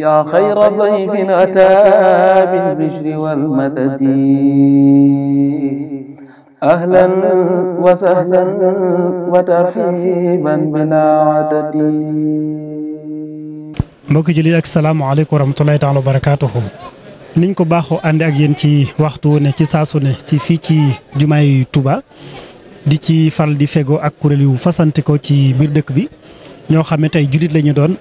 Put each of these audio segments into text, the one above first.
yaa xayra dayfin ataa bil bishri wa sahlan wa tarxiiban ak salaamualeykum wa rahmatulahi niñ ko baaxoo ànd ak yéen ci waxtu ne ci saasu ne ci fii ci jumaay Touba di ci faral di fego ak kuréel yu fasante ko ci biir dëkk bi ñoo xam ne tey jullit lañu doon.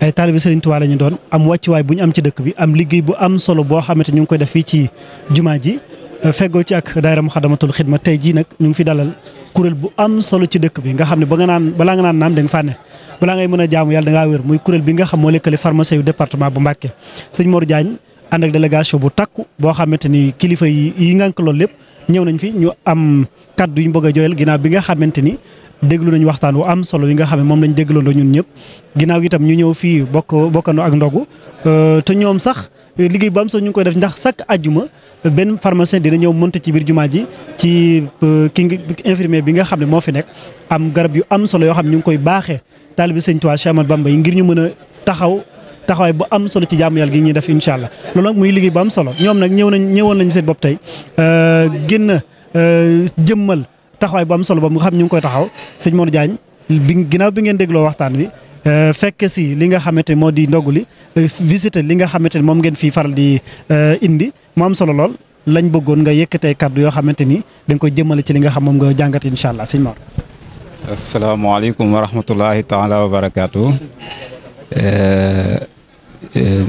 ay eh, taalibi Serigne Touba la ñu doon am wàccuwaay bu ñu am ci dëkk bi am liggéey bu am solo boo xamante ñu ngi koy def fii ci jumaa ji eh, feggoo ci ak daayira Muxaddamatul Xidma tey jii nag ñu ngi fi dalal kuréel bu am solo ci dëkk bi nga xam ne ba nga naan balaa nga naan naam da nga fànne balaa ngay mën a jaamu yàlla da ngaa wér muy kuréel bi nga xam moo lëkkale pharmacie yu département bu Mbàkke sëñ Mor Diagne ànd ak délégation bu takku boo xamante ni kilifa yi yi ngànk loolu lépp ñëw nañ fi ñu am kaddu yu ñu bëgg a joyal bi nga xamante ni déglu nañu waxtaan wu am solo yi nga xam ne moom lañ dégloondoo ñun ñëpp ginnaaw itam ñu ñëw fii bokk bokkandoo ak ndogu euh, te ñoom sax euh, liggéey ba am solo ñu ngi koy def ndax chaque ajjuma benn pharmacien dina ñëw monte ci biir jumaa ji ci euh, ki infirmier bi nga xam ne moo fi nekk am garab yu am solo yoo xam ñu ngi koy baaxee taalibi Sëñ Tuubaa Cheikh Ahmadou Bamba yi ngir ñu mën a taxaw taxawaay bu am solo ci jaamu yàlla gi ñuy def incha allah loolu nag muy liggéey bu am solo ñoom nag ñëw nañ ñëwoon nañ seen bopp tey génn jëmmal taxawaay boo am solo boo mu xam ñu ngi koy taxaw sëñ Modou Diagne bi ginnaaw bi ngeen dégloo waxtaan wi euh, fekk si li nga xamante moo di ndogu li euh, visité li nga xamante moom ngeen fii faral di euh, indi mu am solo lool lañ bëggoon nga yëkkatee kàddu yoo xamante ni da koy jëmale ci li nga xam moom nga jàngat incha allah sëñ Mor. asalaamaaleykum wa rahmatullahi taala wa barakaatu.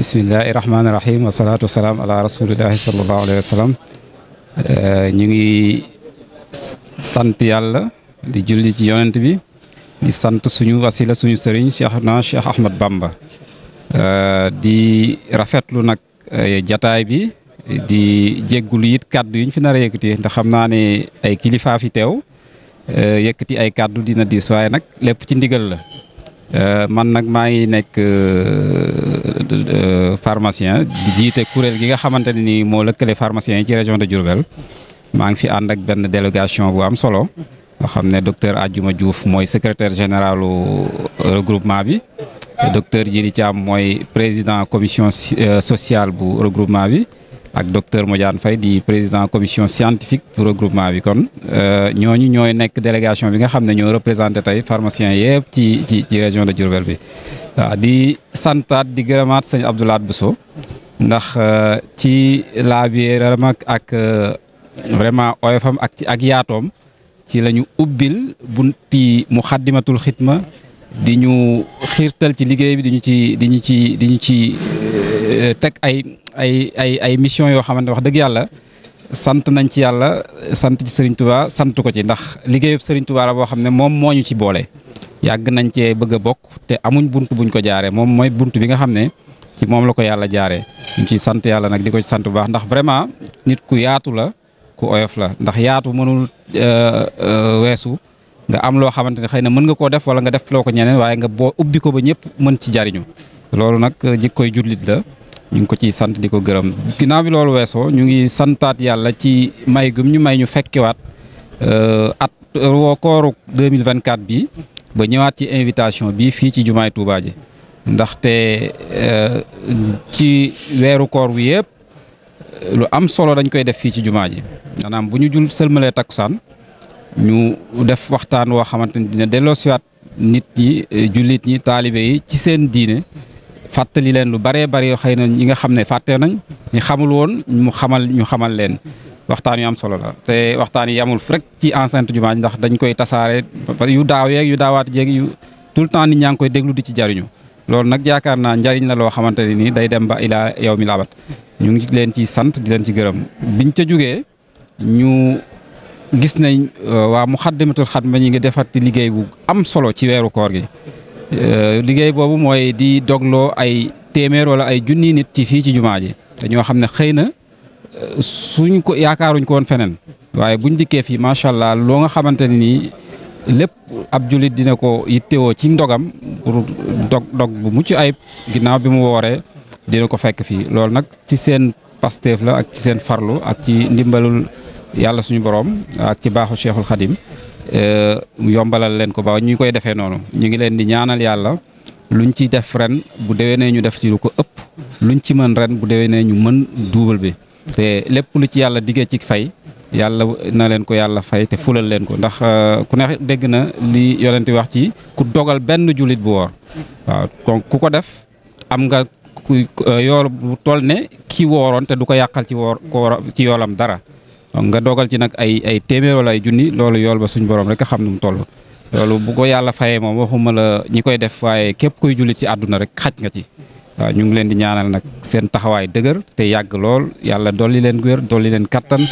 bismillahi rahmaani rahim wasalaatu wasalaam ala rasulillahi sallallahu alayhi wa sallam ñu ngi. sant yàlla di julli ci yonent bi di sant suñu wasila suñu sëriñ Cheikh na Cheikh Ahmad Bamba euh, di rafetlu nag euh, jataay bi di jéggulu yit kàddu yi ñu fi nar a yëkkati ndax xam naa ne ay kilifaa fi teew euh, yëkkati ay kàddu dina diis waaye nag lépp ci ndigal la man nag maa ngi nekk pharmacien di jiite kuréel gi nga xamante ne nii moo lëkkale pharmacien yi ci région de Diourbel maa ngi fi ànd ak benn délégation bu am solo nga xam ne docteur Adjuma Diouf mooy secrétaire général euh, regroupement bi docteur Djili Thiam mooy président commission euh, sociale bu regroupement bi ak docteur Modiane Faye di président commission scientifique bu regroupement bi kon euh, ñooñu ñooy nekk délégation bi nga xam ne ñooy représenté tey pharmaciens yëpp ci ci ci région de Diourbel bi waaw di santaat di gërëmaat sëñ Abdoulaat Bousso ci laabiyeeram ak vraiment oyofam ak ci ak yaatoom ci la ñu ubbil bunti Muxaddamatul Xidma di ñu xiirtal ci liggéey bi di ñu ci di ci di ñu ci euh, teg ay ay ay ay mission yoo xamante wax dëgg yàlla sant nañ ci yàlla sant ci Serigne Touba sant ko ci ndax liggéeyub Serigne Touba la boo xam ne moom moo ñu ci boole. yàgg nañ cee bëgg bokk te amuñ bunt buñ ko jaaree moom mooy bunt bi nga xam ne ci moom la ko yàlla jaaree ñu ciy sant yàlla nag di ko ci sant bu baax ndax vraiment nit ku yaatu la. ku oyof la ndax yaatu mënul eh, eh, weesu nga am loo xamante ne xëy na mën nga koo def wala nga def loo ko ñeneen waaye nga boo ubbi ko ba ñëpp mën ci jariñu loolu nag eh, jikkoy jullit la ñu ngi ko ciy sant di ko gërëm ginnaaw bi loolu weesoo ñu ngi santaat yàlla ci may gum ñu may ñu fekkiwaat at woo kooru 2024 bi ba ñëwaat ci invitation bi fii ci jumaay Touba ndaxte ci weeru koor wi yëpp lu am solo dañ koy def fii ci jumaa ji maanaam bu ñu jul sëlmalee takkusaan ñu def waxtaan woo xamante ni dina delloosiwaat nit ñi eh, jullit ñi taalibe yi ci seen diine fàttali leen lu baree bari xëy na ñi nga xam ne fàtte nañ ñu xamul woon mu xamal ñu xamal leen waxtaan yu am solo la te waxtaan yi amul rek ci enceinte jumaa ji ndax dañ koy tasaare yu daaw yu daawaat jeeg yu tout le temps nit ñaa ngi koy déglu di ci jariñu loolu nag yaakaar naa njariñ la loo xamante ne nii day dem ba ilaa yow mi labat ñu ngi leen ci sant di leen ci gërëm biñ ca jógee ñu gis nañ euh, waa mu xaddamatul xadma ñu ngi defar defati liggéey bu am solo ci weeru koor gi euh, liggéey boobu mooy di dogloo ay téeméer wala ay junni nit ci fii ci jumaa ji te ñoo xam ne xëy na euh, suñ ko yaakaaruñ ko woon feneen waaye buñ dikkee fii macha allah loo nga xamante ne nii lépp ab jullit dina ko yittewoo ci ndogam pour dog dog bu mucc ayib ginnaaw bi mu wooree dina ko fekk fii loolu nag ci seen pasteef la ak ci seen farlu ak ci ndimbalul yàlla suñu borom ak ci baaxu cheikhul xadim eh, yombalal leen ko ba ñu koy defee noonu ñu ngi leen di ñaanal yàlla lu luñ ci def ren bu dewee déwénee ñu def ci lu ko ëpp luñ ci mën ren bu dewee déwénee ñu mën duubal bi te lépp lu ci yàlla diggee ci fay yàlla na leen ko yàlla fay te fulal leen ko ndax euh, ku ne dégg na li yonent wax ci ku dogal benn jullit bu woor waaw donc ku ko def am nga ku euh, yool bu tool ne ki wooroon te du ko yàqal ci woor ko ci yoolam dara nga dogal ci nag ay ay téeméer wala ay junni loolu yool ba suñ borom rek xam nu mu toll loolu bu ko yàlla fayee moom waxuma la ñi koy def waaye képp koy jullit ci àdduna rek xaj nga ci waaw ñu ngi leen di ñaanal nag seen taxawaay dëgër te yàgg lool yàlla dolli kattan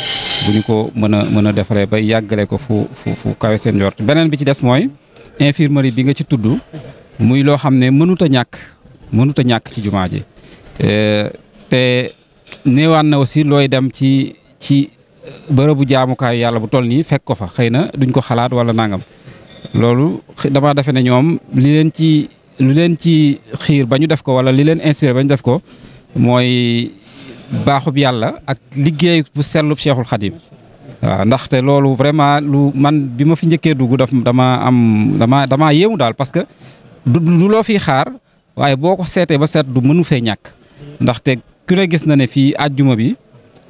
bu ñu ko mën a mën defaree ba yàggale ko fu fu fu kawe seen njort beneen bi ci des mooy infirmerie bi nga ci tudd muy loo xam ne mënut a ñàkk mënuta ñàkk ci jumaa ji eh, te néewaan na aussi looy dem ci ci bërëbu jaamukaayu yàlla bu toll nii fekk ko fa xëy na duñ ko xalaat wala nangam loolu dama defe ne ñoom li leen ci lu leen ci xiir ba ñu def ko wala li leen inspiré ba ñu def ko mooy baaxub yàlla ak liggéey bu sellub Cheikhul Khadim waaw ndaxte loolu vraiment lu man bi ma fi njëkkee dugg daf dama am dama damaa yéemu daal parce que du loo fiy xaar waaye boo ko seetee ba seet du mënu fee ñàkk ndaxte ku ne gis na ne fii àjjuma bi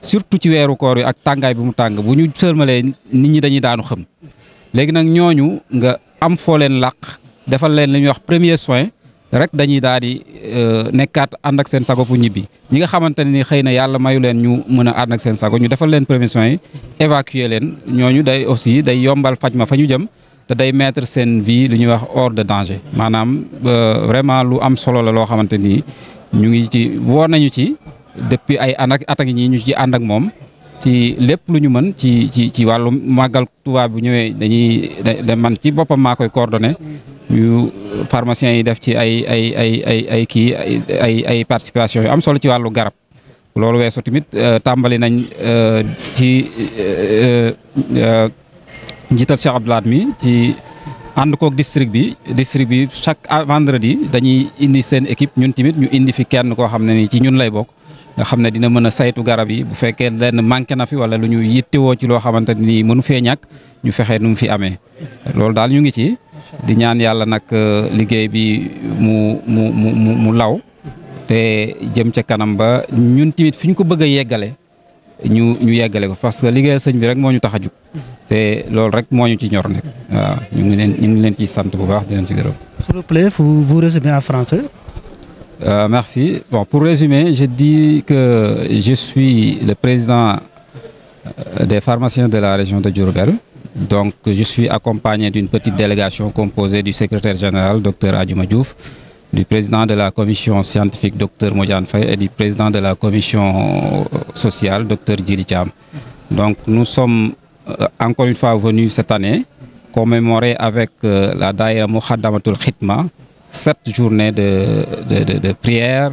surtout ci weeru koor yi ak tàngaay bi mu tàng bu ñu sërmalee nit ñi dañuy daanu xam léegi nag ñooñu nga am foo leen làq defal leen li ñuy wax premier soin rek dañuy daal di euh, nekkaat ànd ak seen sago pour ñibbi ñi nga xamante ne ni xëy na yàlla mayu leen ñu mën a ànd seen sago ñu defal leen permission yi évacuer leen ñooñu day aussi day yombal faj ma fa ñu jëm te day mettre seen vie lu ñuy wax hors de danger maanaam euh, vraiment lu am solo la loo xamante ni ñu ngi ci woor nañu ci depuis ay ànd ak ngi ñii ñu ci ànd ak moom. ci lépp lu ñu man ci ci ci wàllu màggal Tuubaa bu ñëwee dañuy da man ci boppam maa koy coordonné yu pharmaciens yi def ci ay ay ay ay ay kii ay ay participation yu am solo ci wàllu garab loolu weeso tamit euh, tàmbali nañ euh, ci euh, njiital Cheikh Abdoulaat mi ci ànd koog district bi district bi chaque vendredi dañuy indi seen équipe ñun tamit ñu indi fi kenn koo xam ne ni ci ñun lay bokk nga xam ne dina mën a saytu garab yi bu fekkee lenn manqué na fi wala lu ñu yittewoo ci loo xamante ni mënu fee ñàkk ñu fexe nu mu fi amee loolu daal ñu ngi ci di ñaan yàlla nag euh, liggéey bi mu mu mu mu mu law te jëm ca kanam ba ñun tamit fu ñu ko bëgg a yeggale ñu ñu yeggale ko parce que liggéeyal sëñ bi rek moo ñu tax a jug te loolu rek moo ñu ci ñor nekk waaw ñu ngi leen ñu ngi leen ciy sant bu baax di leen ci gërëm. S'il vous plaît, vous vous Euh, merci. Bon, pour résumer, je dis que je suis le président euh, des pharmaciens de la région de Diourbel. Donc, je suis accompagné d'une petite délégation composée du secrétaire général, Dr Adjuma Diouf, du président de la commission scientifique, Dr Modian Faye, et du président de la commission euh, sociale, docteur Djiri Donc, nous sommes euh, encore une fois venus cette année commémorer avec euh, la Daïra Mouhadamatul Khitma, sept journées de, de, de, de prière,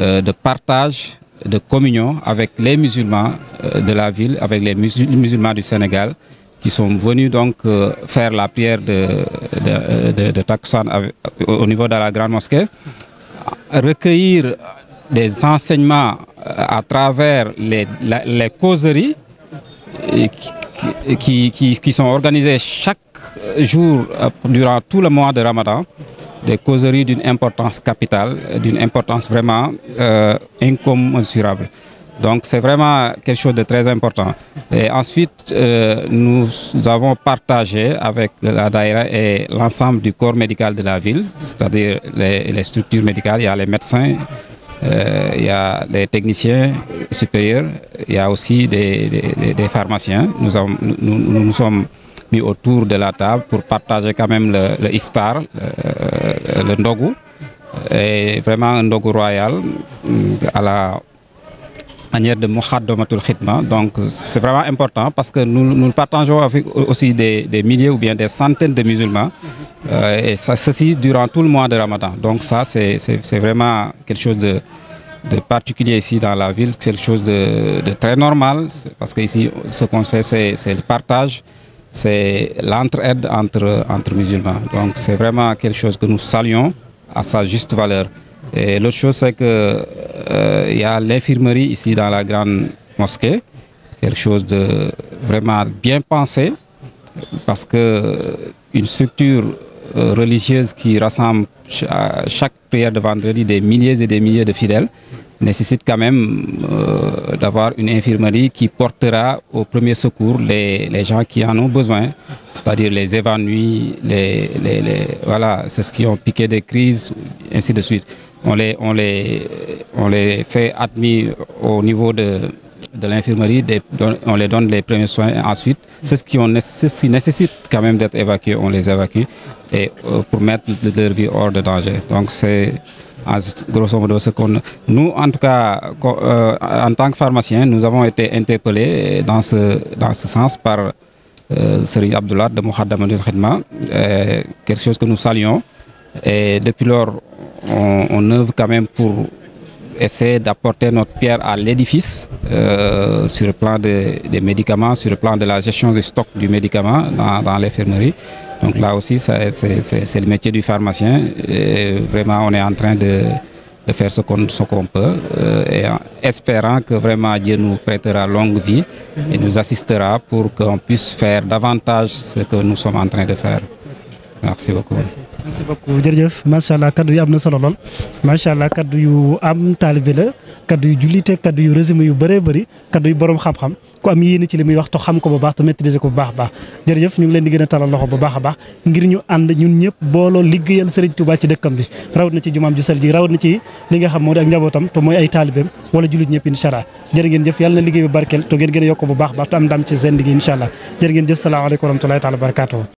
euh, de partage, de communion avec les musulmans euh, de la ville, avec les musulmans du Sénégal, qui sont venus donc euh, faire la prière de, de, euh, de Taksan avec, au niveau de la Grande Mosquée, recueillir des enseignements euh, à travers les, la, les causeries qui, qui, qui, sont organisées chaque jour euh, durant tout le mois de Ramadan des causeries d'une importance capitale, d'une importance vraiment euh, incommensurable. Donc c'est vraiment quelque chose de très important. Et ensuite, euh, nous avons partagé avec la Daïra et l'ensemble du corps médical de la ville, c'est-à-dire les, les, structures médicales, il y a les médecins, euh, il y a les techniciens supérieurs, il y a aussi des, pharmaciens. nous, nous sommes mis autour de la table pour partager quand même le, le iftar, le, euh, euh, le ndogu. Et vraiment un ndogu royal euh, à la manière de Muhaddamatul Khidma. Donc c'est vraiment important parce que nous, nous partageons avec aussi des, des, milliers ou bien des centaines de musulmans. Euh, et ça, ceci durant tout le mois de Ramadan. Donc ça, c'est vraiment quelque chose de, de, particulier ici dans la ville, quelque chose de, de très normal parce qu'ici, ce qu'on sait, c'est le partage. c'est l'entraide entre, entre musulmans. Donc c'est vraiment quelque chose que nous saluons à sa juste valeur. Et l'autre chose, c'est qu'il euh, y a l'infirmerie ici dans la grande mosquée, quelque chose de vraiment bien pensé, parce qu'une structure euh, religieuse qui rassemble à chaque prière de vendredi des milliers et des milliers de fidèles, nécessite quand même euh, d'avoir une infirmerie qui portera au premier secours les, les gens qui en ont besoin, c'est-à-dire les évanouis, les, les, les voilà, c'est ce qui ont piqué des crises, ainsi de suite. On les, on les, on les fait admis au niveau de, de l'infirmerie, on les donne les premiers soins et ensuite, c'est ce qui, on, ce qui nécessite quand même d'être évacué, on les évacue et, euh, pour mettre leur vie hors de danger. Donc c'est grosso nous en tout cas euh, en tant que pharmacien nous avons été interpellés dans ce sens par euh, Serigne de Moukhadamatul Khidma euh, quelque chose que nous saluons et depuis lors on, œuvre pour essayer d'apporter notre pierre à l'édifice euh, sur le plan des, des médicaments, sur le plan de la gestion des stocks du médicament dans, dans l'infirmerie. Donc là aussi, c'est le métier du pharmacien. Et vraiment, on est en train de, de faire ce qu'on qu peut, euh, et en espérant que vraiment Dieu nous prêtera longue vie et nous assistera pour qu'on puisse faire davantage ce que nous sommes en train de faire. merci beaucoup merci beaucoup jërëjëf macha allah kaddu yi am na solo lool macha allah kaddu yu am taalibe la kaddu yu jullite kaddu yu résumé yu bëree bëri kaddu yu borom xam-xam ku am yéene ci li muy wax to xam ko bu baax baax a baax jërëjëf ñu ngi leen di gën a a loxo bu baax a baax ngir ñu ànd ñun ñëpp booloo liggéeyal Serigne Touba ci dëkkam bi rawat na ci jumaam ju sell ji na ci li nga xam moo di ak njabootam te mooy ay taalibeem wala jullit ñëpp incha allah jërë a yokk